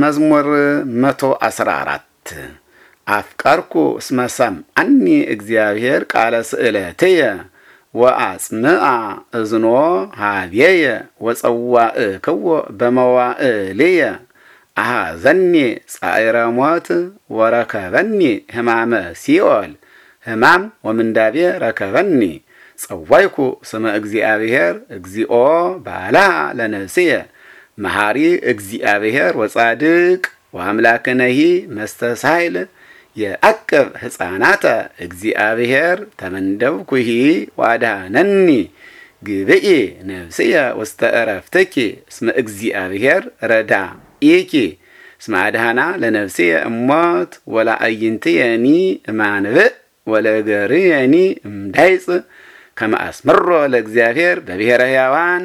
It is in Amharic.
መዝሙር 114 አፍቀርኩ እስመ ሰምዐኒ እግዚአብሔር ቃለ ስእለትየ ወአጽምአ እዝኖ ወጸዋእ ወጸዋእክዎ በመዋእልየ አሃዘኒ ጻዕረ ሞት ወረከበኒ ህማመ ሲኦል ህማም ወምንዳቤ ረከበኒ ጸዋይኩ ስመ እግዚአብሔር እግዚኦ ባላ ለነስየ መሐሪ እግዚአብሔር ወጻድቅ ወአምላክነሂ መስተሳይል የአቅብ ሕፃናተ እግዚአብሔር ተመንደብኩሂ ዋድኀነኒ ግብኢ ነፍስየ ውስተ ዕረፍትኪ እስመ እግዚአብሔር ኢኪ እስመ አድኀና ለነፍስየ እሞት ወለአዕይንትየኒ እማንብእ ወለእገርየኒ እምዳይጽ ከመ አስምሮ ለእግዚአብሔር በብሔረ ሕያዋን